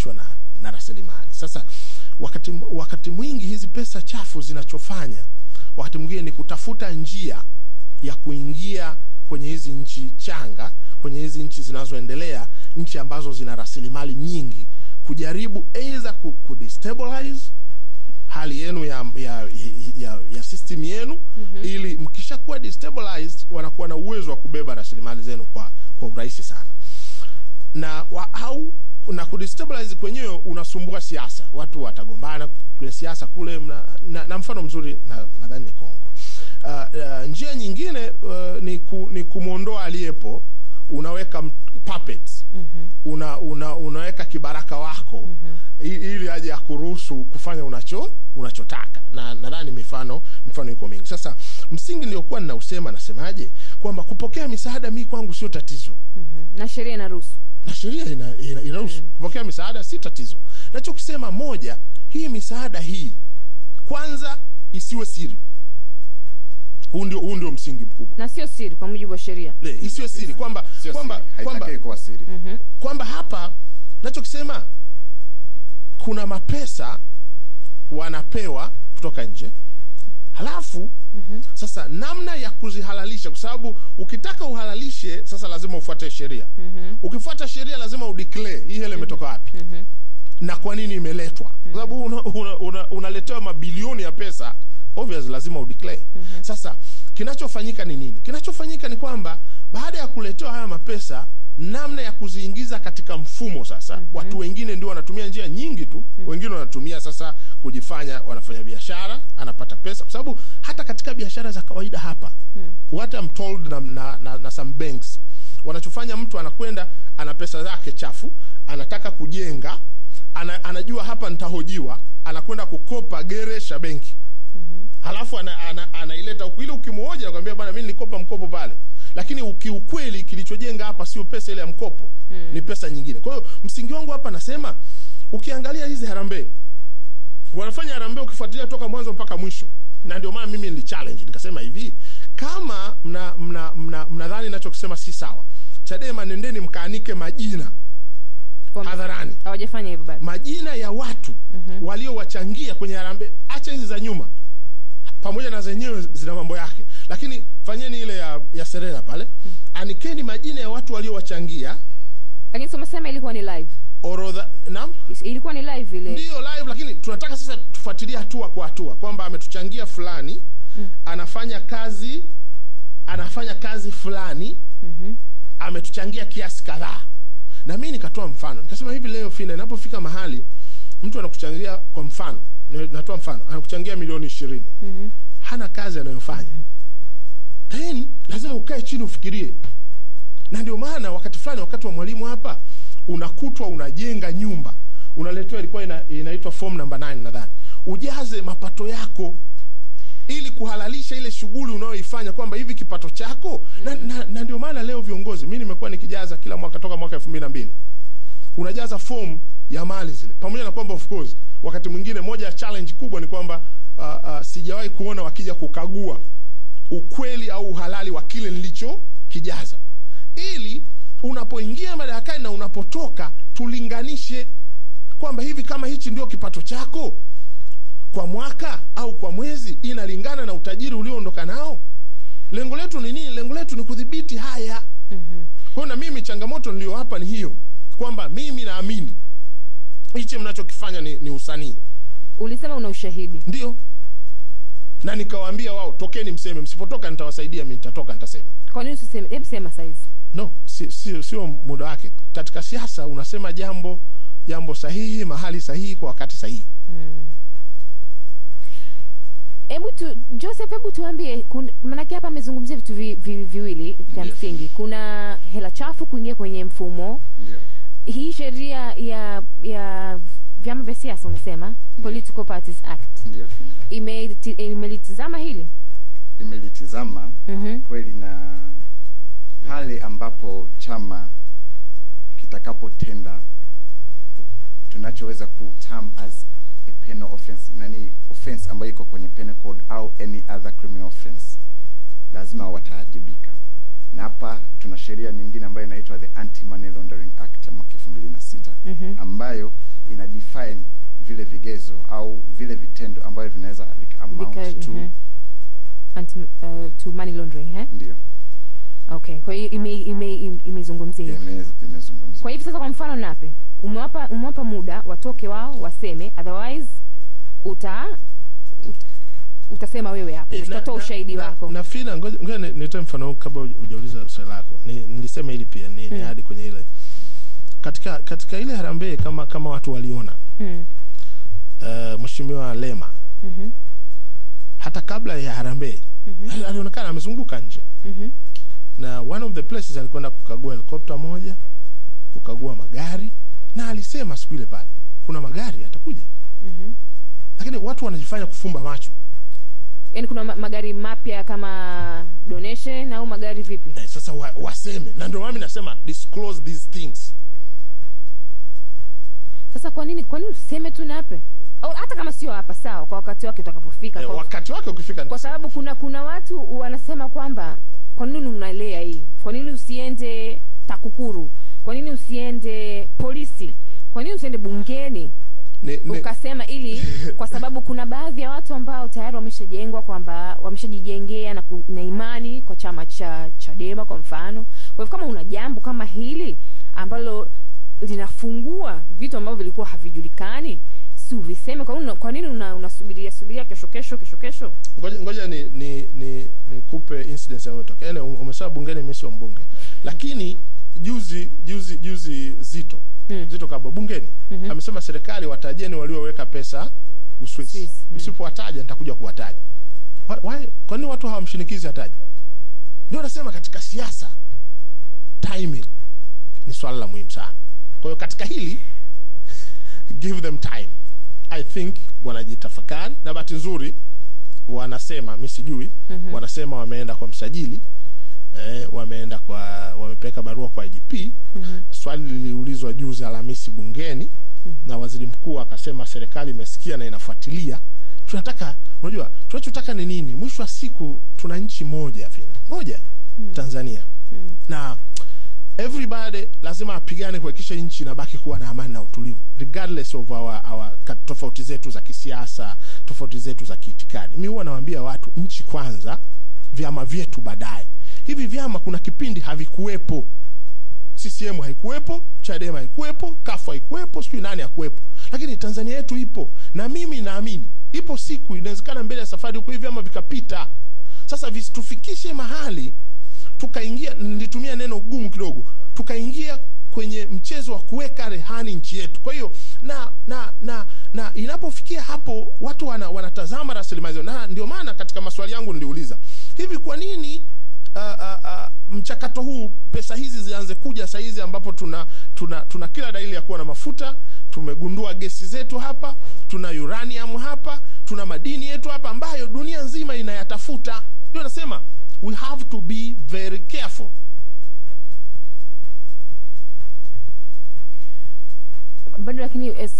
zinahusishwa na, na rasilimali. Sasa wakati, wakati mwingi hizi pesa chafu zinachofanya wakati mwingine ni kutafuta njia ya kuingia kwenye hizi nchi changa, kwenye hizi nchi zinazoendelea, nchi ambazo zina rasilimali nyingi, kujaribu aidha kudestabilize hali yenu ya, ya, ya, ya system yenu mm -hmm. Ili mkishakuwa destabilized wanakuwa na uwezo wa kubeba rasilimali zenu kwa, kwa urahisi sana na wa, au na kudestabilize kwenyewe unasumbua siasa, watu watagombana kwenye siasa kule na, na, na mfano mzuri nadhani na ni Kongo. Uh, uh, njia nyingine uh, ni, ku, ni kumwondoa aliyepo, unaweka puppets mm -hmm. una, una, unaweka kibaraka wako mm -hmm. ili aje akuruhusu kufanya unacho unachotaka, na nadhani mifano mifano iko mingi. Sasa msingi niliokuwa ninausema, nasemaje kwamba kupokea misaada mi kwangu sio tatizo mm -hmm. na sheria inaruhusu na sheria inaruhusu ina, ina, mm. kupokea misaada, si tatizo. Nachokisema moja, hii misaada hii kwanza isiwe siri. Huu ndio huu ndio msingi mkubwa, na sio siri kwa mujibu wa sheria, isiwe siri kwamba kwamba kwamba mhm. kwamba hapa nachokisema kuna mapesa wanapewa kutoka nje halafu mm -hmm. Sasa namna ya kuzihalalisha, kwa sababu ukitaka uhalalishe sasa lazima ufuate sheria mm -hmm. Ukifuata sheria lazima udeclare hii hela mm -hmm. wapi mm -hmm. na kwa nini imeletwa mm -hmm. kwa mhm. sababu unaletewa una, una, una mabilioni ya pesa obvious, lazima udeclare mm -hmm. Sasa kinachofanyika ni nini? Kinachofanyika ni kwamba baada ya kuletewa haya mapesa namna ya kuziingiza katika mfumo sasa. mm -hmm. Watu wengine ndio wanatumia njia nyingi tu. mm -hmm. Wengine wanatumia sasa kujifanya wanafanya biashara ana pesa, kwa sababu hata katika biashara za kawaida hapa hmm. what I'm told na, na, na, na some banks wanachofanya, mtu anakwenda ana pesa zake chafu, anataka kujenga ana, anajua hapa nitahojiwa, anakwenda kukopa geresha benki mm -hmm. Halafu anaileta ana, ana huku, ili ukimhoja nakwambia bwana, mimi nilikopa mkopo pale, lakini ukiukweli kilichojenga hapa sio pesa ile ya mkopo mm -hmm. Ni pesa nyingine. Kwa hiyo msingi wangu hapa nasema, ukiangalia hizi harambee wanafanya harambee, ukifuatilia toka mwanzo mpaka mwisho. Na ndio maana mimi ni challenge nikasema hivi, kama mna mna, mna, mna ninachokisema si sawa, Chadema nendeni mkaanike majina hadharani. Hawajafanya hivyo bado, majina ya watu mm -hmm. waliowachangia kwenye harambee. Acha hizi za nyuma, pamoja na zenyewe zina mambo yake, lakini fanyeni ile ya, ya Serena pale mhm. anikeni majina ya watu waliowachangia, lakini umesema ilikuwa ni live orodha. Naam, ilikuwa ni live ile, ndio live, lakini tunataka sasa tufuatilie hatua kwa hatua kwamba ametuchangia fulani mm. anafanya kazi anafanya kazi fulani mm -hmm. ametuchangia kiasi kadhaa, na mimi nikatoa mfano nikasema hivi leo fina inapofika mahali mtu anakuchangia kwa mfano, natoa mfano, anakuchangia milioni 20 mm -hmm. hana kazi anayofanya then lazima ukae chini ufikirie, na ndio maana wakati fulani, wakati wa mwalimu hapa unakutwa unajenga nyumba, unaletewa, ilikuwa ina, inaitwa form namba 9 nadhani, ujaze mapato yako ili kuhalalisha ile shughuli unayoifanya kwamba hivi kipato chako mm. na, na, mm. na ndio maana leo viongozi, mimi nimekuwa nikijaza kila mwaka toka mwaka 2002 unajaza form ya mali zile, pamoja na kwamba of course wakati mwingine moja ya challenge kubwa ni kwamba uh, uh, sijawahi kuona wakija kukagua ukweli au uhalali wa kile nilicho kijaza ili unapoingia madarakani na unapotoka, tulinganishe kwamba hivi kama hichi ndio kipato chako kwa mwaka au kwa mwezi, inalingana na utajiri ulioondoka nao. Lengo letu ni nini? Lengo letu ni kudhibiti haya. mm -hmm. Kwa na mimi changamoto niliyo hapa ni hiyo kwamba mimi naamini hichi mnachokifanya ni, ni usanii. Ulisema una ushahidi, ndio na nikawaambia wao, tokeni mseme, msipotoka nitawasaidia mimi, nitatoka nitasema. Kwa nini usiseme? Hebu sema saizi. No, sio si, si muda wake. Katika siasa unasema jambo jambo sahihi mahali sahihi kwa wakati sahihi. Mm. Hebu tu Joseph, hebu tuambie, maanake hapa amezungumzia vitu vi, vi, vi, viwili vya yes. Kuna hela chafu kuingia kwenye mfumo yeah. hii sheria ya Mesias umesema Political Parties Act ndio imelitizama hili imelitizama mhm. kweli na pale ambapo chama kitakapotenda tunachoweza ku term as a penal offense, nani offense ambayo iko kwenye penal code au any other criminal offense, lazima wataajibika. Na hapa tuna sheria nyingine ambayo inaitwa the Anti Money Laundering Act ya mwaka 2006 mm -hmm. ambayo ina define vile vigezo au vile vitendo ambavyo vinaweza amount Vika, to, uh, anti, uh, to money laundering eh? Ndio. Okay, kwa hiyo imezungumzia ime, ime, ime Kwa hivyo sasa, kwa mfano Nape, umewapa umewapa muda watoke wao waseme, otherwise uta, uta utasema wewe hapa, eh, utatoa ushahidi wako. na fina ngoja ngoja nitoe mfano kabla hujauliza swali lako. Nilisema hili pia ni, hmm. ni mm. hadi kwenye ile katika, katika ile harambee kama, kama watu waliona mm. uh, Mheshimiwa Lema mm -hmm. hata kabla ya harambee mm -hmm. alionekana amezunguka nje mm -hmm. na one of the places alikwenda kukagua helikopta moja kukagua magari na alisema siku ile pale kuna magari atakuja mm -hmm. lakini watu wanajifanya kufumba macho yani kuna ma magari mapya kama donation au magari vipi? Eh, sasa wa, waseme na ndio mimi nasema disclose these things. Sasa kwa nini kwa nini useme tu nape? Au hata kama sio hapa sawa, kwa wakati wake utakapofika. Eh, kwa wakati wake ukifika. Kwa sababu kuna kuna watu wanasema kwamba kwa nini unalea hii? Kwa nini usiende TAKUKURU? Kwa nini usiende polisi? Kwa nini usiende bungeni? Ne, ne. Ukasema ili kwa sababu kuna baadhi ya watu ambao tayari wameshajengwa kwamba wameshajijengea na, na imani kwa chama cha Chadema kwa mfano. Kwa hivyo kama una jambo kama hili ambalo linafungua vitu ambavyo vilikuwa havijulikani, si uviseme. Kwa nini kwa nini una, unasubiria subiria kesho kesho kesho kesho? Ngoja ni ni ni nikupe incidents ambayo yaani um, umesema bungeni, mimi sio mbunge, lakini juzi juzi juzi Zito hmm. Zito Kabwe bungeni mm -hmm. amesema serikali watajeni walioweka pesa Uswisi, hmm. msipowataja nitakuja kuwataja. Why, kwa nini watu hawamshinikizi ataje? Ndio nasema katika siasa timing ni swala la muhimu sana. Kwa hiyo katika hili give them time. I think wanajitafakari na bahati nzuri wanasema mi sijui mm -hmm. wanasema wameenda kwa msajili eh, wameenda kwa wamepeleka barua kwa IGP mm -hmm. swali liliulizwa juzi Alhamisi bungeni mm -hmm. na waziri mkuu akasema serikali imesikia na inafuatilia tunataka unajua tunachotaka ni nini mwisho wa siku tuna nchi moja fina moja mm -hmm. Tanzania mm -hmm. na everybody lazima apigane kuhakikisha nchi inabaki kuwa na amani na utulivu regardless of our, our tofauti zetu za kisiasa, tofauti zetu za kiitikadi. Mimi huwa nawaambia watu nchi kwanza, vyama vyetu baadaye. Hivi vyama kuna kipindi havikuwepo, CCM haikuwepo, Chadema haikuwepo, Kafu haikuwepo, sijui nani hakuwepo, lakini Tanzania yetu ipo, na mimi naamini ipo siku inawezekana mbele ya safari huko hivi vyama vikapita. Sasa visitufikishe mahali tukaingia, nilitumia neno gumu kidogo, tukaingia kwenye mchezo wa kuweka rehani nchi yetu. Kwa hiyo na na na na inapofikia hapo watu wana, wanatazama rasilimali na ndio maana katika maswali yangu niliuliza hivi, kwa nini uh, uh, uh, mchakato huu pesa hizi zianze kuja saa hizi ambapo tuna, tuna tuna kila dalili ya kuwa na mafuta, tumegundua gesi zetu hapa, tuna uranium hapa, tuna madini yetu hapa ambayo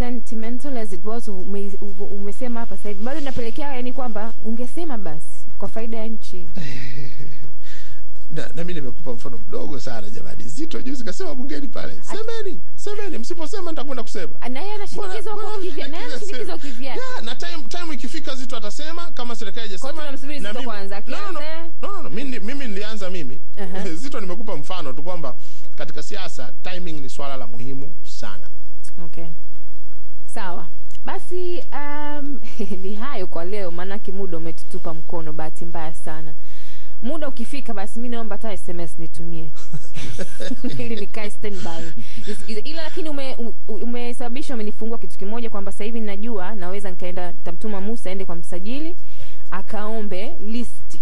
sentimental as it was ume, umesema hapa sasa hivi bado napelekea yani kwamba ungesema basi kwa faida ya nchi na, na mimi nimekupa mfano mdogo sana jamani. Zito juzi kasema bungeni pale, semeni semeni, msiposema nitakwenda kusema na yeye basi um, ni hayo kwa leo, maanake muda umetutupa mkono, bahati mbaya sana. Muda ukifika, basi mi naomba hata SMS nitumie ili nikae standby nisikize, ila lakini umesababisha ume umenifungua kitu kimoja, kwamba sasa hivi najua naweza nikaenda, tamtuma Musa aende kwa msajili akaombe list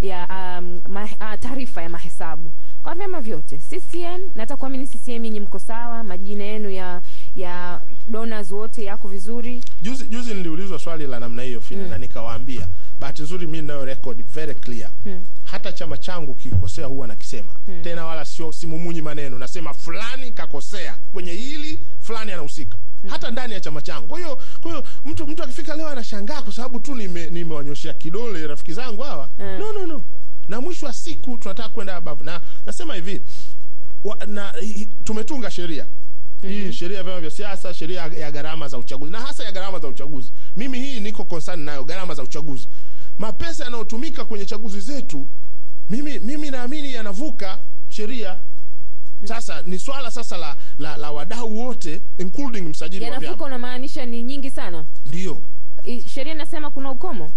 ya um, uh, taarifa ya mahesabu kwa vyama vyote CCM. Nataka kuamini CCM nyinyi mko sawa, majina yenu donors wote yako vizuri. Juzi juzi niliulizwa swali la namna hiyo Fina mm. na nikawaambia bahati nzuri mimi ninayo record very clear mm. hata chama changu kikosea huwa nakisema mm. tena, wala sio simumunyi maneno, nasema fulani kakosea kwenye hili, fulani anahusika mm. hata ndani ya chama changu. Kwa hiyo kwa hiyo mtu mtu akifika leo anashangaa kwa sababu tu nime nimewanyoshia kidole rafiki zangu hawa mm. no no no, na mwisho wa siku tunataka kwenda above, na nasema hivi wa, na, hi, tumetunga sheria Mm -hmm. Hii sheria ya vyama vya siasa, sheria ya gharama za uchaguzi na hasa ya gharama za uchaguzi. Mimi hii niko concern nayo gharama za uchaguzi. Mapesa yanayotumika kwenye chaguzi zetu mimi mimi naamini yanavuka sheria. Sasa ni swala sasa la la, la wadau wote including msajili wa vyama. Yanavuka unamaanisha ni nyingi sana? Ndio. Sheria inasema kuna ukomo.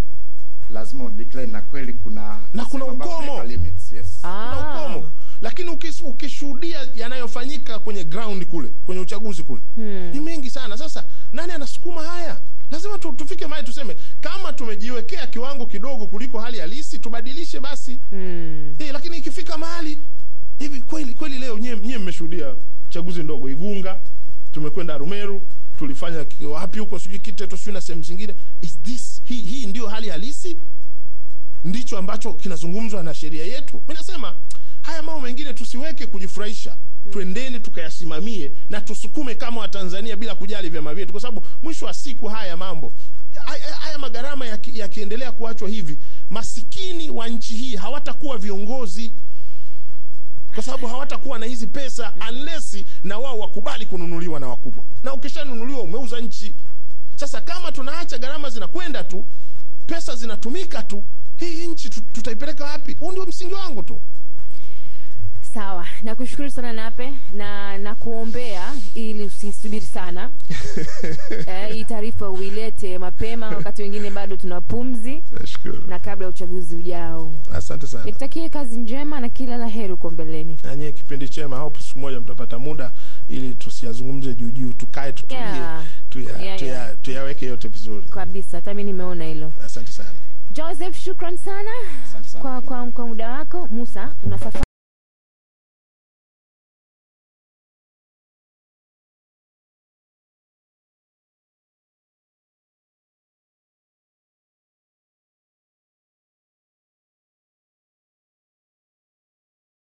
Lazima declare na kweli kuna na kuna ukomo. Limits, yes. Ah. Kuna ukomo lakini ukis, ukishuhudia yanayofanyika kwenye ground kule kwenye uchaguzi kule hmm. ni mengi sana. Sasa nani anasukuma haya? Lazima tu, tufike mahali tuseme kama tumejiwekea kiwango kidogo kuliko hali halisi tubadilishe basi hmm. Hey, eh, lakini ikifika mahali hivi kweli kweli, leo nyie mmeshuhudia chaguzi ndogo Igunga, tumekwenda Arumeru, tulifanya wapi huko sijui Kiteto sijui na sehemu zingine. Is this hii hii ndio hali halisi? Ndicho ambacho kinazungumzwa na sheria yetu? Mimi nasema Haya mambo mengine tusiweke kujifurahisha, twendeni tukayasimamie na tusukume kama Watanzania bila kujali vyama vyetu, kwa sababu mwisho wa siku haya mambo haya magharama yakiendelea ya kuachwa hivi, masikini wa nchi hii hawatakuwa viongozi kwa sababu hawatakuwa na hizi pesa unless na wao wakubali kununuliwa na wakubwa, na ukishanunuliwa umeuza nchi. Sasa kama tunaacha gharama zinakwenda tu, pesa zinatumika tu, hii nchi tutaipeleka wapi? Huu ndio msingi wangu tu. Nakushukuru sana Nape na nakuombea ili usisubiri sana eh, hii taarifa uilete mapema, wakati wengine bado tuna pumzi, na kabla ya uchaguzi ujao. Asante sana, nikutakie kazi njema na kila la heri huko mbeleni, na nyie kipindi chema. Hope siku moja mtapata muda ili tusiazungumze juu juu, tukae tutulie, yeah. tuyaweke yeah, yeah. tuya yote vizuri kabisa. Hata mimi nimeona hilo. Asante sana Joseph, shukran sana, asante sana. Kwa, kwa, kwa muda wako Musa unasafa